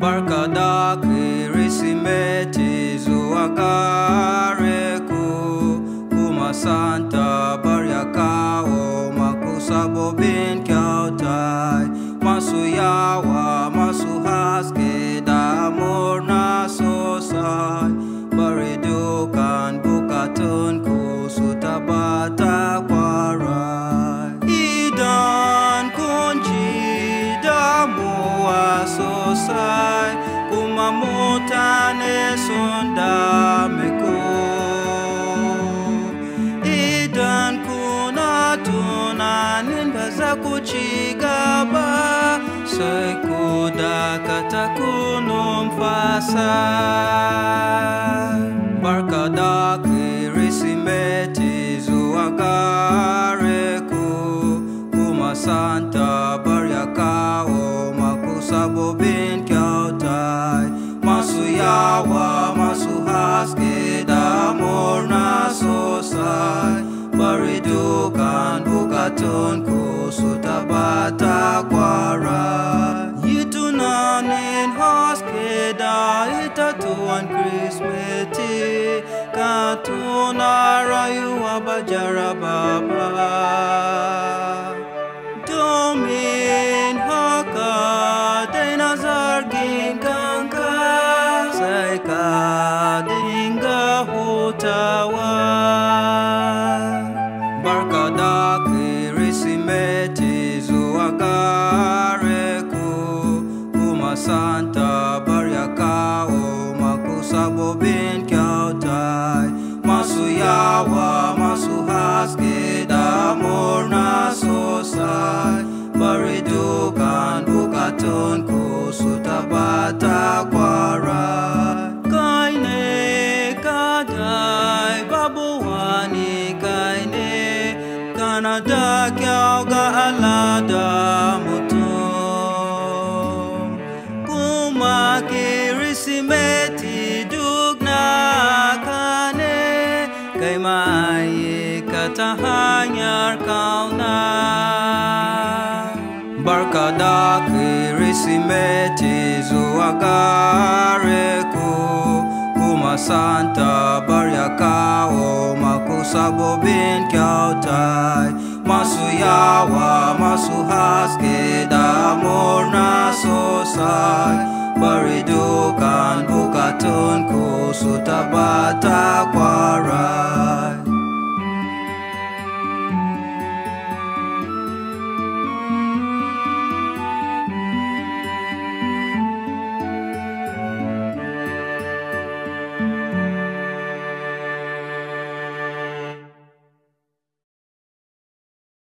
barka da Kirsimeti zuwa kuma Santa bar kawo maku sabobin kyauta masu yawa masu mutane sun idan kuna tunanin ba za ku ci gaba sai ku dakata ku numfasa barka da kirisimeti zuwa gare ku kuma santa bar ya kawo maku sabobi Paske damor na bata Paridukan Itu Sutabata kwarai Yitunanin haske da itatuan krismeti Katuna rayu abajara babai santa baryakawo makusabo bin kyautai masu yawa masu haske damor na sosai bari dukan bukatun ku su tabata kwa なだけがあらだもとこまきりしめてどくなかねかいまいかたはにゃるかうな Barkada kirisimeti zuwakare ko kuma santa bar ya kawo maku sabobin Masu yawa, masu haske da na sosai Baridukan bukatun ku sutabata kwarai